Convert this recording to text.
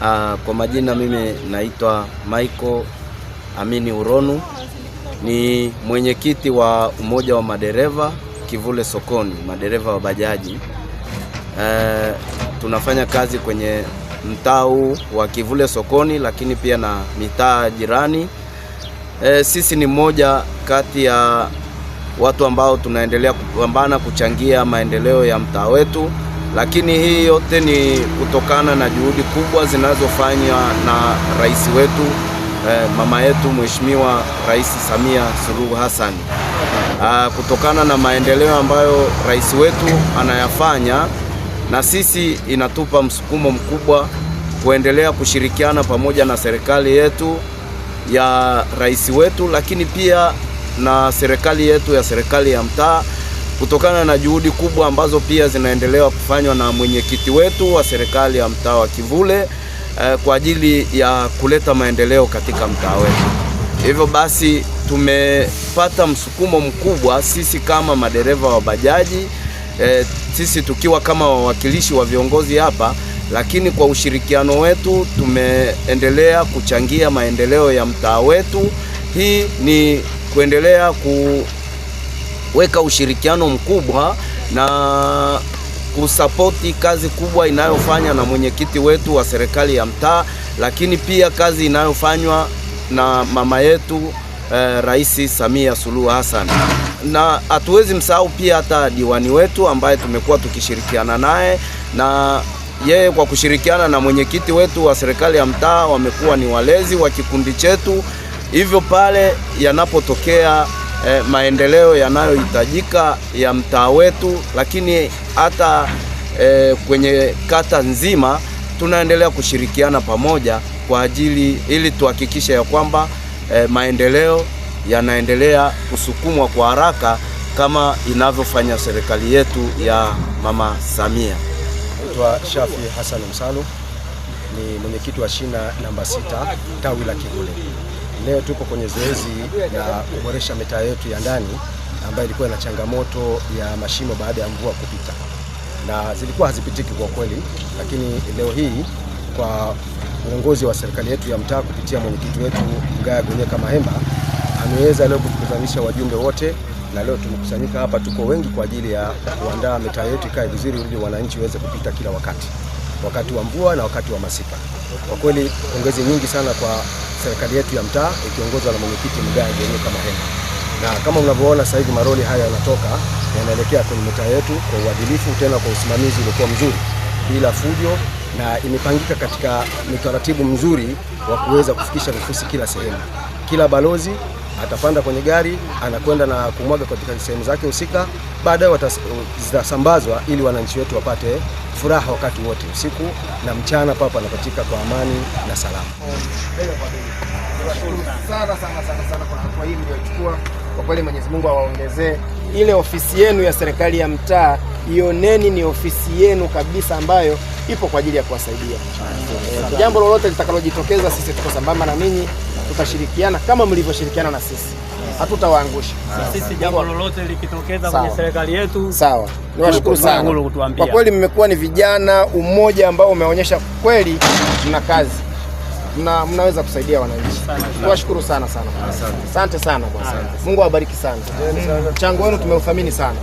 Uh, kwa majina mimi naitwa Michael Amini Uronu, ni mwenyekiti wa umoja wa madereva Kivule Sokoni, madereva wa bajaji. Uh, tunafanya kazi kwenye mtaa huu wa Kivule Sokoni, lakini pia na mitaa jirani. Uh, sisi ni mmoja kati ya watu ambao tunaendelea kupambana kuchangia maendeleo ya mtaa wetu lakini hii yote ni kutokana na juhudi kubwa zinazofanywa na rais wetu eh, mama yetu Mheshimiwa Rais Samia Suluhu Hassan. Ah, kutokana na maendeleo ambayo rais wetu anayafanya na sisi inatupa msukumo mkubwa kuendelea kushirikiana pamoja na serikali yetu ya rais wetu, lakini pia na serikali yetu ya serikali ya mtaa kutokana na juhudi kubwa ambazo pia zinaendelewa kufanywa na mwenyekiti wetu wa serikali ya mtaa wa Kivule eh, kwa ajili ya kuleta maendeleo katika mtaa wetu. Hivyo basi tumepata msukumo mkubwa sisi kama madereva wa bajaji eh, sisi tukiwa kama wawakilishi wa viongozi hapa, lakini kwa ushirikiano wetu tumeendelea kuchangia maendeleo ya mtaa wetu. Hii ni kuendelea ku kuweka ushirikiano mkubwa na kusapoti kazi kubwa inayofanya na mwenyekiti wetu wa serikali ya mtaa, lakini pia kazi inayofanywa na mama yetu eh, Rais Samia Suluhu Hassan, na hatuwezi msahau pia hata diwani wetu ambaye tumekuwa tukishirikiana naye na yeye kwa kushirikiana na mwenyekiti wetu wa serikali ya mtaa wamekuwa ni walezi wa kikundi chetu, hivyo pale yanapotokea e, maendeleo yanayohitajika ya mtaa wetu, lakini hata e, kwenye kata nzima tunaendelea kushirikiana pamoja kwa ajili ili tuhakikishe ya kwamba e, maendeleo yanaendelea kusukumwa kwa haraka kama inavyofanya serikali yetu ya Mama Samia. Naitwa Shafi Hassan Msalo, ni mwenyekiti wa shina namba sita tawi la Kivule. Leo tuko kwenye zoezi la kuboresha mitaa yetu ya ndani ambayo ilikuwa na changamoto ya mashimo baada ya mvua kupita, na zilikuwa hazipitiki kwa kweli, lakini leo hii kwa uongozi wa serikali yetu ya mtaa kupitia mwenyekiti wetu Mgaya Gonye kama Hemba ameweza leo kukutanisha wajumbe wote, na leo tumekusanyika hapa, tuko wengi kwa ajili ya kuandaa mitaa yetu ikae vizuri, ili wananchi waweze kupita kila wakati, wakati wa mvua na wakati wa masika. Kwa kweli pongezi nyingi sana kwa serikali yetu ya mtaa ikiongozwa na mwenyekiti Mgaya kama Kamahema, na kama mnavyoona sasa hivi maroli haya yanatoka yanaelekea kwenye mitaa yetu kwa uadilifu, tena kwa usimamizi uliokuwa mzuri bila fujo, na imepangika katika utaratibu mzuri wa kuweza kufikisha vifusi kila sehemu, kila balozi atapanda kwenye gari anakwenda na kumwaga katika sehemu zake husika, baadaye zitasambazwa ili wananchi wetu wapate furaha wakati wote, usiku na mchana, papa anapatika kwa amani na salama. Sana sana sana sana kwa hatua hii mliyochukua, kwa kweli Mwenyezi Mungu awaongezee. Ile ofisi yenu ya serikali ya mtaa ioneni ni ofisi yenu kabisa ambayo ipo kwa ajili ya kuwasaidia. Jambo lolote litakalojitokeza, sisi tuko sambamba na ninyi tutashirikiana kama mlivyoshirikiana na sisi, hatutawaangusha sisi. Jambo lolote likitokeza kwenye serikali yetu, sawa. Niwashukuru sana kwa kweli, mmekuwa ni vijana umoja ambao umeonyesha kweli mna kazi na mnaweza kusaidia wananchi. Tuwashukuru sana sana, asante sana sana. Mungu awabariki sana, mchango wenu tumeuthamini sana.